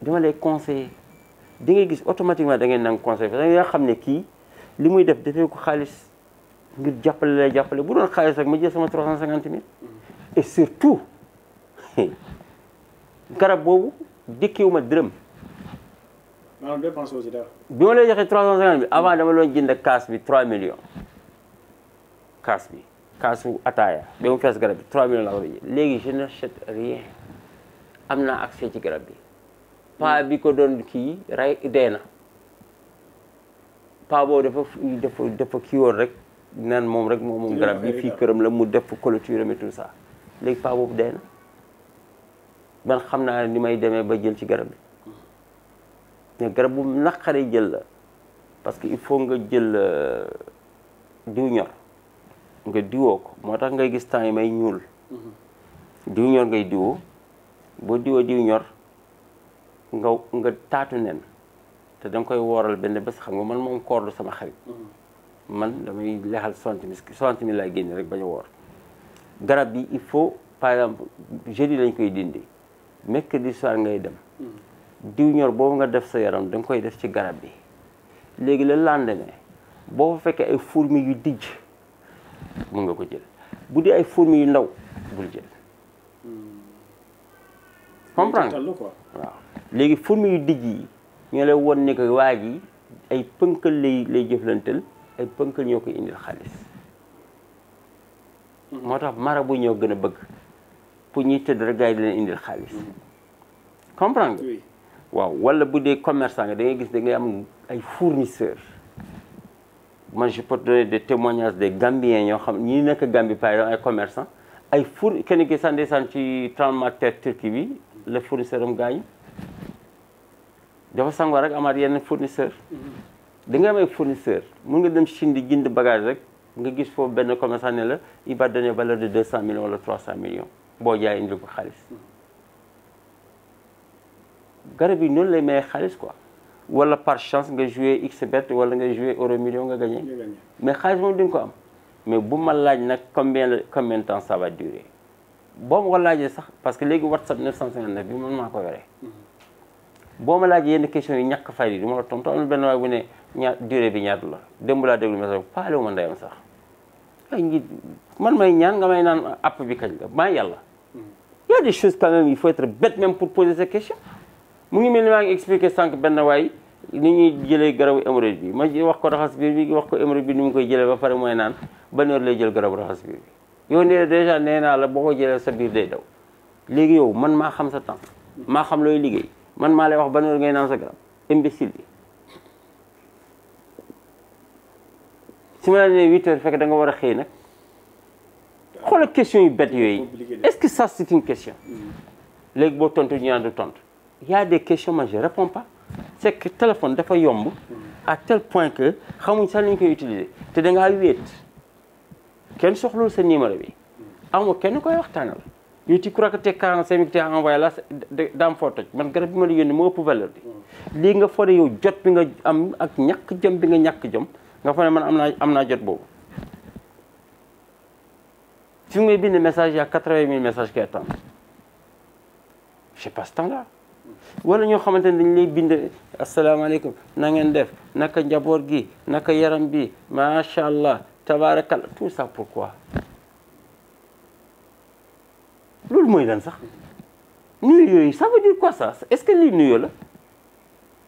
dama lay conseiller di ngay gis automatiquement da ngay nangu conseil parce que yaa xam ne kii li muy def dafee ko xaalis ngir jàppale lay jàppale bu doon xaalis rek ma jël sama 350 000 et surtout garab boobu dikkiwu ma dërëm maanaam dépense aussi dara bi ma lay joxee 350 000 avant dama doon jënd kaas bi 3 millions kaas bi kaasu ataaya ba mu fees garab bi 3 léegi je n'achète rien am naa accès ci garab bi pa bi ko doon kii ray dee na pa boobu dafa dafa kii woon rek naan moom rek moom moom garab bi fii këram la mu def clôture et tout ça léegi pa boobu dee na man xam naa ni may demee ba jël ci garab bi mais garab bu naqaree jël la parce que il faut nga jël euh, diw ñor nga diwoo ko moo tax ngay gis temps yi may ñuul mm-hmm. diw ñor ngay diwoo boo diwoo diw ñor nga nga taatu nen te danga koy wooral benn bés xam nga man moom koor sama xarit mm-hmm. man damay lexal soixante mille soixante mille laay génne rek bañ woor garab yi il faut par exemple jeudi lañ koy dindi mercredi soir ngay dem mm-hmm. diw ñor boobu nga def sa yaram da nga koy def ci garab bi léegi la lendemain boo fa fekkee ay fourmis yu dijj mun nga ko jël bu dee ay formes yu ndaw bul jël comprendre waaw léegi fourme yu dijj yi ñoo lay won ne que waa ji ay pënkal lay lay jëflantal ay pënkal ñoo koy indil xaalis mhm. moo tax bu ñoo gën a bëgg pour ñuy tëdd rek gars yi di leen indil xaalis mhm. comprendre nga waaw wala bu dee commerçant nga dangay gis dangay am ay fournisseur man je peux donner des témoignages des Gambiens ñoo xam ñi nekk Gambie par exemple ay commerçant ay four kenn ki sax ndeysaan ci tremblement de bi la fournisseur am gaañu dafa sangoo rek amaat yenn fournisseur mm-hmm. da nga am fournisseur mun nga dem Chine di jënd bagage rek nga gis foofu benn commerçant ne la il va donner valeur de deux cent millions wala trois cent millions boo jaay indi ko xaalis mm-hmm. garab yi noonu lay maye xaalis quoi wala par chance nga joué xbet wala nga joué euro million nga gagné mais xaalis moom di ko am mais bu ma laaj nag combien combien de temps ça va durer boo ma sax parce que léegi whatsapp 959 bi man maa ko yore mhm. boo ma laajee yenn questions yi ñàkk fay yi du ma la tontu benn waay bu ne ñaar durée bi ñaata la démb laa déglu message paale ma ndeyam sax ay man may ñaan nga may naan app yàlla mhm. y a des choses quand il faut être bête même pour poser ces questions mu ngi mel ni maa ngi expliqué sànq benn waay ni ñuy jëlee garabu hémorroïde bi ma wax ko raxas biir bi wax ko hémorroïde bi ni mu koy jëlee ba pare mooy naan ban heure lay jël garabu raxas biir bi yow nee dèjà nee naa la boo ko jëlee sa biir day daw léegi yow man maa xam sa temps maa xam looy liggéey man maa lay wax ban heure ngay naan sa garab imbécile bi si ma la nee huit heures fekk danga war a xëy nag xoolal question yu bête yooyu est-ce que ça c'est question mm. léegi boo tontu ñu tontu y a des questions mais je réponds pas c'est que téléphone dafa yomb à tel point que xamuñ sax li koy utiliser te da ngaa kenn soxlul sa numéro bi amoo kenn koy waxtaanal ñu ci crois que te 45 minutes envoyé la daam foo toj man ma la yónni lii nga fone yow jot bi nga am ak ñàkk jom bi nga ñàkk jom nga fone man am naa am naa jot boobu fi ngay bind message y a 80 000 messages qui attendent j'ai wala ñoo xamante ne dañ lay bind asalaamaaleykum na ngeen def naka njaboot gi naka yaram bi macha allah tabaarakalla tout ça pourquoi loolu mooy lan sax nuyu yooyu ça veut dire quoi ça est-ce que lii nuyu la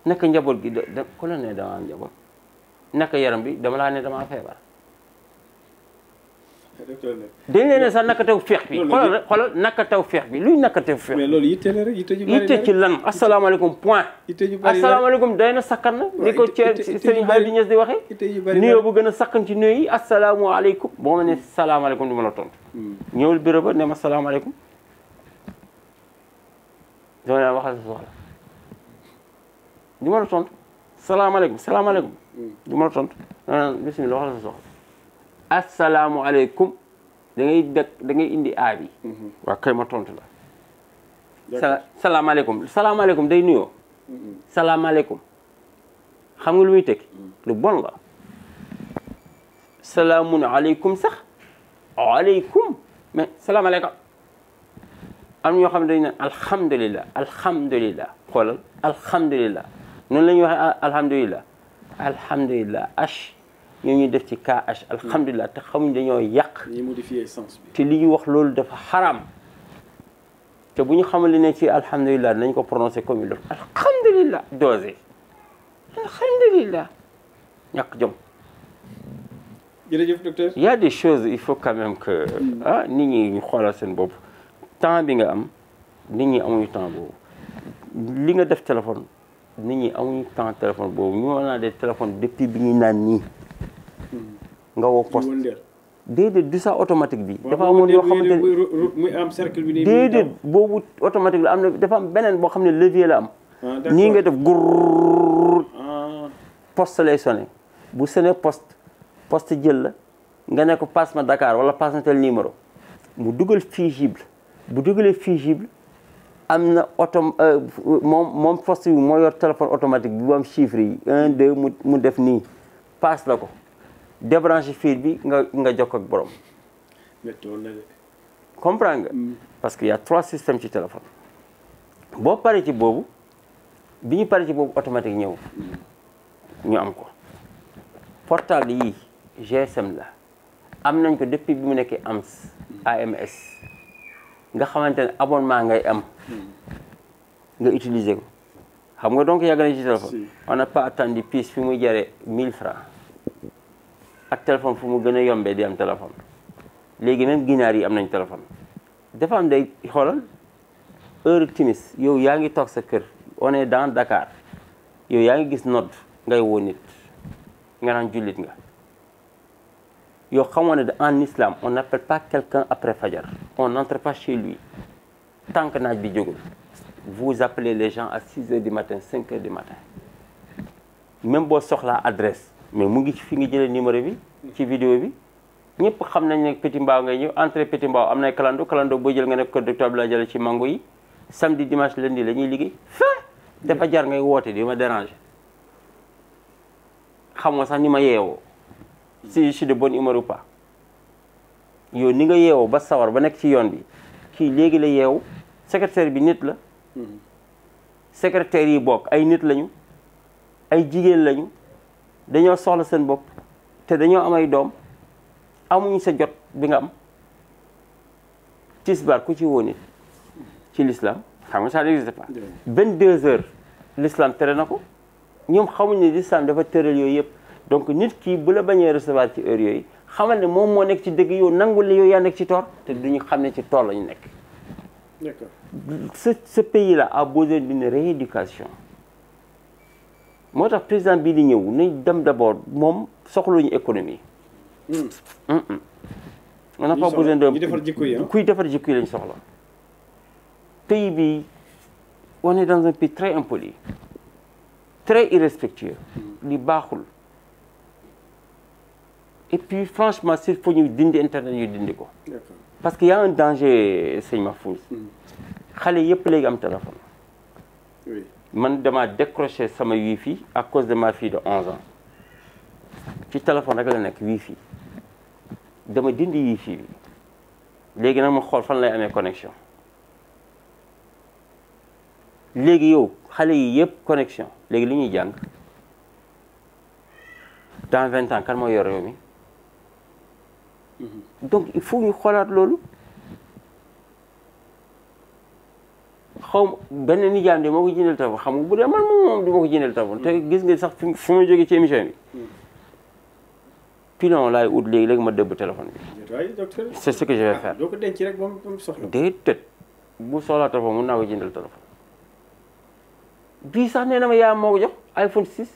naka njaboot gi da ko la ne dama am naka yaram bi dama laa ne dama feebar dañ leen ne sax naka taw feex bi xoolal naka taw feex bi luy naka taw feex mais yitte la rek yitte ci lan asalaamaaleykum point asalaamaaleykum day na sakkan na ni ko ci sëriñ Xalifa Ñas di waxee nuyoo bu gën a sakkan ci nuyu yi asalaamaaleykum boo ma ne salaamaaleykum du ma la tontu hmm. ñëwul bureau ba ne ma la tontu hmm. sa soxla asalaamualeykum da ngay dëkk da ngay indi a bi mm-hmm. waa kay ma tontu la salaamaaleykum salaamaaleykum day nuyoo mm-hmm. salaamaaleykum xam nga lu muy tekki mm-hmm. lu bon la salaamun aleykum sax aleykum mais salaamaaleykum am ñoo xam ne dañ ne alhamdulilah alhamdulilah xoolal alhamdulilah noonu la ñuy waxee alhamdulilah alhamdulilah ash ñoo ñuy def ci KH alhamdulilah te xamuñ dañoo yàq. ñuy modifier sens bi. te li ñu wax loolu dafa xaraam te bu ñu xamal ne ci alhamdulilah nañ ko prononcé comme il le faut alhamdulilah dosé alhamdulilah ñàkk jom. jërëjëf docteur. y des choses il faut quand même que ni hmm. ah, nit ñi ñu xoolal seen bopp temps bi nga am ni ñi amuñu temps boobu li nga def téléphone nit ñi amuñu temps téléphone boobu ñu mën naa des téléphones depuis bi ñuy naan nii. nga woo poste déedéet du sax automatique bi dafa amoon yoo xamante muy am cercle bi am na dafa am beneen boo xam ne levier la am ah, nii nga def gurr poste lay sonné bu sonné poste jël la nga ne ko ma Dakar wala passe ma numéro mu dugal fusible bu dugalee fusible am na auto moom moom poste bi yor téléphone automatique bi bu am chiffre yi un mu mu def nii passe la ko débranché fiir bi nga nga jokk borom. comprend mm. parce que y' trois systèmes ci téléphone. boo paree ci boobu bi ñu paree ci boobu automatique ñëw mm. ñu am ko portal yi GSM la am nañ ko depuis bi mu nekkee AMS nga xamante ne abonnement ngay am mm. nga utiliser ko xam nga donc yàgg nañ ci téléphone on n'a pas attendu pièce fi muy jaree 1000 francs ak téléphone fu mu gën a yombee di am téléphone léegi même ginaar yi am nañ téléphone dafa am day xoolal heure timis yow yaa ngi toog sa kër on est dans Dakar yow yaa ngi gis nodd ngay woon nit nga naan jullit nga yow xamoon ne en islam on n'appelle pas quelqu'un après fajar on n'entre chez lui tant naaj bi jógul vous appelez les gens à 6 heures du matin 5 heures du boo soxlaa adresse mais mu ngi fi nga jëlee numéro bi ci vidéo bi ñëpp xam nañ ne Petit Mbao ngay ñëw entrée Petit Mbao am na calando calando boo jël nga nekk ko docteur Abdoulaye Diallo ci mango yi samedi dimanche lundi la ñuy liggéey dafa jar ngay woote di ma déranger xamoo sax ni ma yeewoo si je de bonne humeur ou pas yow ni nga yeewoo ba sawar ba nekk ci yoon bi kii léegi la yeewu secrétaire bi nit la mm-hmm. secrétaire yi bokk ay nit lañu ay jigéen lañu dañoo soxla seen bopp te dañoo am ay doom amuñu sa jot bi nga am tisbaar ku ci woon it ci l'islam xam nga ça n'existe pas vingt-deux heures l'islam tere na ko ñoom xamuñ ne l'islam dafa tëral yooyu yëpp donc nit kii bu la bañee recevoir ci heure yooyu xamal ne moom moo nekk ci dëgg yow nangul la yow yaa nekk ci toor te duñu xam ne ci toor lañu nekk ce ce pays là a besoin d'une rééducation moo tax président bii di ñëw nañ dem d' abord moom soxluñu économie. Hmm. Hmm, hmm. on n'a pas besoin de kuy defar jikko yi kuy defar jikko yi lañ soxla. pays bi wane est dans un pays très impoli très irrespectueux. li baaxul. et puis franchement s'il faut ñu dindi internet ñu dindi ko. parce que y' a un danger sëñ Mahfouz. xale yëpp léegi am téléphone. man dama décroché sama wifi à cause de ma fi de 11 ans ci téléphone rek la nekk wifi dama dindi wifi bi léegi nag ma xool fan lay amee connexion léegi yow xale yi yëpp connexion léegi li ñuy jàng dans vingt ans kan moo yor réew mi mhm. donc il faut ñu xoolaat loolu xaw ma benn nijaam de moo ko jëndal téléphone xam nga bu dee man moom du ma ko jëndal téléphone te gis nga sax fi ma jógee ci émission bi pilon laay ut léegi léegi ma dëbb téléphone bi c'est ce que je vais faire doo ko denc rek ba mu soxla day tët bu soxlaa téléphone mun naa ko jëndal téléphone bii sax nee na ma yaa moo ko jox iPhone 6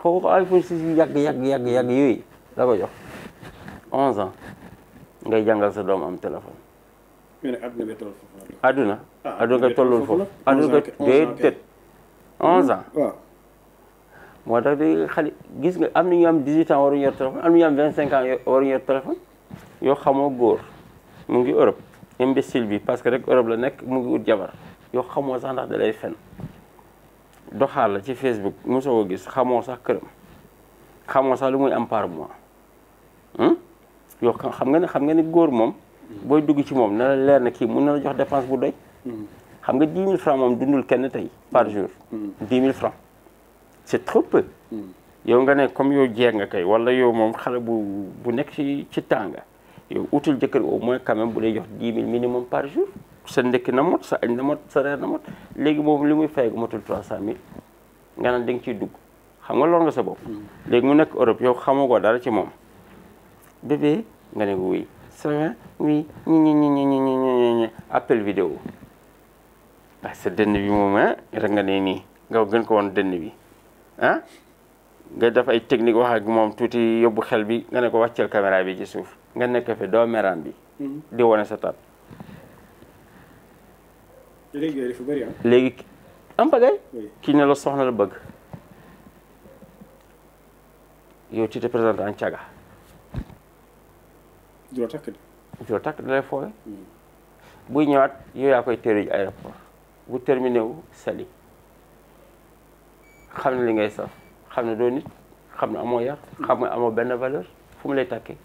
xaw ko iPhone 6 yu yàgg yàgg yàgg yàgg yooyu la ko jox 11 ans ngay jàngal sa doom am téléphone ñu ne adduna bi toll foofu la. adduna. adduna ah, tollul foofu adduna nga déedéet 11 ans hmm, moo tax di xale gis nga am na ñu am 18 ans waruñu téléphone am na ñu am 25 ans waruñu yor téléphone yoo xamoo góor mu ngi Europe imbécile bi parce que rek Europe la nekk mu ngi ut jabar yoo xamoo sax ndax da lay fen doxaal la ci Facebook mosoo ko gis xamoo sax këram xamoo sax lu muy am par mois hmm? yoo xam nga ne xam nga ne góor moom. booy dugg ci moom na leer na kii mun na jox dépense bu doy hmm. xam nga 10 000 francs moom dundul kenn tey par hmm. jour 10 hmm. 000 francs c'est trop yow nga ne comme yow jeeg nga kay wala yow moom xale bu bu nekk ci ci tànga yow utul au moins quand bu lay jox 10 000 minimum par jour sa ndekki sa añ na mot sa reer na mot léegi moom li muy fay gu matul 300000 nga naan da nga ciy dugg xam nga lool nga sa bopp léegi mu nekk Europe yow xamoo ko daal ci moom bébé nga ne wuy semaine ñuy ñi ñi ñi ñi ñi ñi appel vidéo parce rek nga ne nii nga gën ko woon dënn bi ah nga def ay technique wax ak moom tuuti yóbbu xel bi nga ne ko wàcceel caméra bi ci suuf nga nekk fi doo meraan bi mm-hmm. di wane sa taat léegi am bagay kii ne la soxna la bëgg yow tu te présentes en caga du la takk de. du la takk da buy ñëwaat yow yaa koy tëri ji aéroport bu terminé sali xam ne li ngay saf xam ne doo nit xam ne amoo yar xam ne amoo benn valeur fu mu lay takkee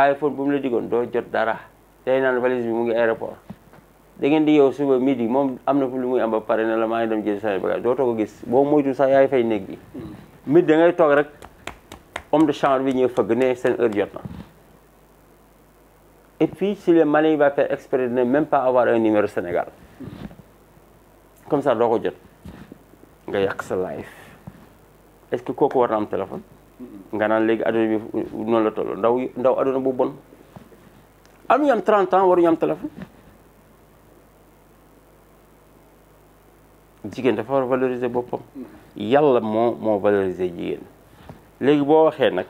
iPhone bu mu la diggoon doo jot dara day naan valise bi mu ngi aéroport da di yow suba midi moom am na fu lu muy am ba pare ne la maa ngi dem jël sa bagage doo toog a gis boo moytu sax yaay fay néeg bi mm. midi da ngay rek homme de chambre bi ñuy fëgg ne seen heure jot na et puis si le Mali va faire exprès de ne pas avoir un numéro Sénégal comme ça doo ko jot nga yàq sa life est-ce que kooku war na am téléphone nga naan léegi adduna bi noonu la toll ndaw ndaw adduna bu bon am ñu am 30 ans waruñu jigéen dafa war valoriser boppam yàlla moo moo valoriser jigéen léegi boo waxee nag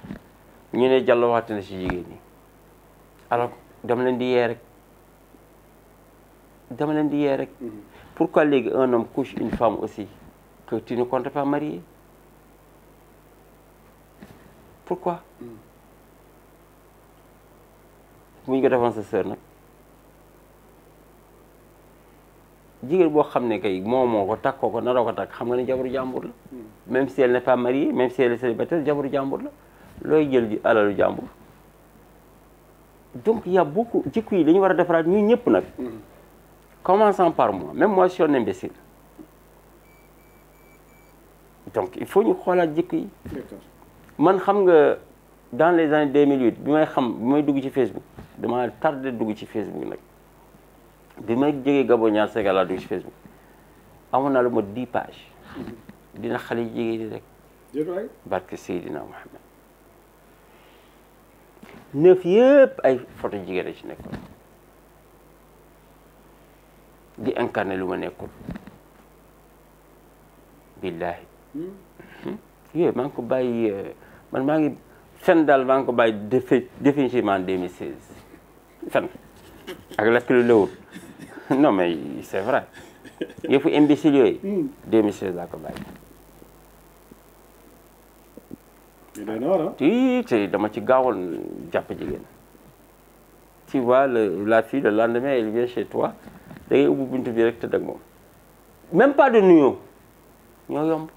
ñu ne Diallo waxati na ci jigéen ñi alors dama leen di yee rek dama leen di yee rek mhm. pourquoi léegi un homme couche une femme aussi que tu ne comptes pas marier pourquoi mhm. bu ñu ko defoon sa sœur nag jigéen boo xam ne kay moomoo ko takkoo ko naroo ko takk xam nga ne jabaru jàmbur la même si elle n'est pas mariée même si elle est célibataire jabaru jàmbur la looy jël ji alalu jàmbur donc y a beaucoup jikko yi dañu war a defaraat ñun ñëpp nag commençons par même moi je suis un donc il faut ñu xoolaat jikko yi man xam nga dans les années 2008 bi may xam bi may dugg ci Facebook damaa tardé dugg ci Facebook nag di ma jógee Gabon ñaar Sénégal laa dugg ci Facebook amoon naa lu ma dix page dina xale yu jigéen rek barke Seydina Mohamed neuf yëpp ay photo jigéen a ci nekkoon di incarné lu ma nekkul billaahi hmm. yooyu maa ko bàyyi man maa ngi fen daal maa ngi ko bàyyi définitivement en 2016 fen ak lakk lu lewul non mais c'est vrai yëfu imbécile yooyu. 2016 hmm. laa ko bàyyi. lii te dama ci gaawoon jàpp jigéen. tu vois la fille le lendemain elle vient chez toi da ngay ubbi buntu bi rek tëdd moom. même pas de nuyoo ñoo yomb.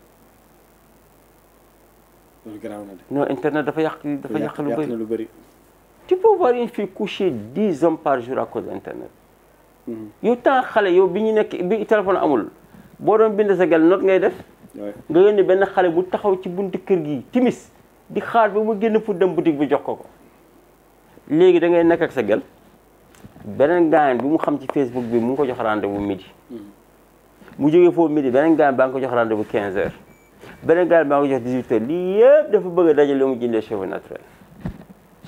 non internet dafa yàq dafa yàq lu bëri. tu peux voir une fille coucher dix hommes par jour à cause d'internet. yow temps xale yow bi ñu nekk bi téléphone amul boo doon bind sa gel note ngay def. nga yónni benn xale bu taxaw ci buntu kër gi timis di xaar bi mu génn pour dem boutique bi jox ko ko. léegi da ngay nekk ak sa gel beneen gaañ bi mu xam ci Facebook bi mu ngi ko jox rendez-vous midi. Mm. mu jógee foofu midi beneen gaañ baa ngi ko jox rendez bu quinze h beneen gaañ baa ngi ko jox 18 lii yëpp dafa bëgg a dajale mu jëndee cheveux naturel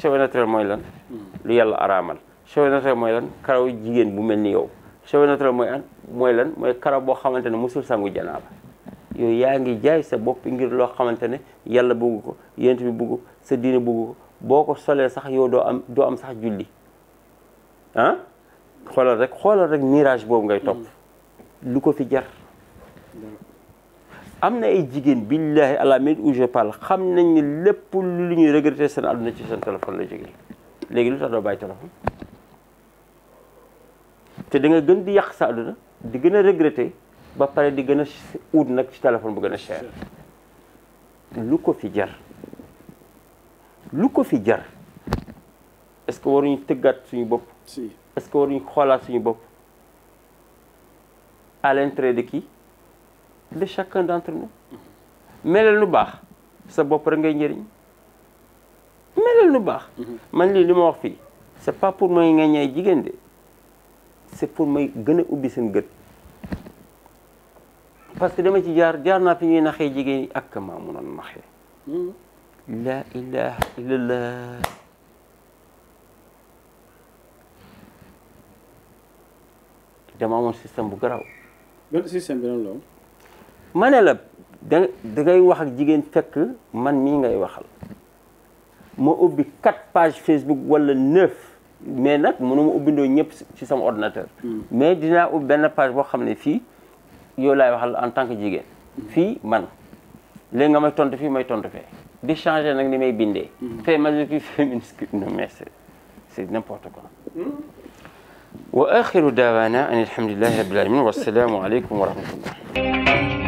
cheveux naturel mooy lan. Mm. lu yàlla araamal. cheveux naturel mooy lan karaw jigéen bu mel ni yow cheveux naturel mooy an mooy lan mooy karaw boo xamante ne musul sangu janaaba yooyu yaa ngi jaay sa bopp ngir loo xamante ne yàlla bëgg ko yent bi bëgg ko sa diine bëgg ko boo ko solee sax yow doo am doo am sax julli ah xoolal rek xoolal rek mirage boobu ngay topp hmm. lu ko fi jar am na ay jigéen billahi àla minute où je parle xam nañ ne lépp lu ñuy regretter seen àdduna ci seen téléphone la jógee léegi lu tax doo te da nga gën di yàq sa àdduna di gën a regretter ba pare di gën a ut nag ci téléphone bu gën a cher lu ko fi jar lu ko fi jar est-ce que waruñu tëggaat suñu bopp est-ce que waruñu xoolaat suñu bopp à l'intérêt de qui de chacun d'entre nous melal lu baax sa bopp rek ngay njëriñ melal lu baax mm-hmm. man lii li ma wax fii sa pas pour mooy nga ñay jigéen de c'est pour may gën a ubbi seen gët parce que dama ci jaar jaar naa fi ñuy naxee jigéen ak maa munoon naxee laa ilaha illallah dama amoon système bu garaaw ban la ma ne la dangay wax ak jigéen fekk man mii ngay waxal ma ubbi quatre pages Facebook wala neuf mais nag mënuma ubbindoo ñëpp ci sama ordinateur. Hmm. mais dina ubbi benn page boo xam ne fii yow laay waxal en tant que jigéen. Hmm. fii man léegi nga may tontu fii may tontu fee. di changer nag ni may bindee. Hmm. fee majorité féministe non mais c'est n'importe quoi. wa axiru daawaana an alhamdulillahi rabbil alamin wa aleykum wa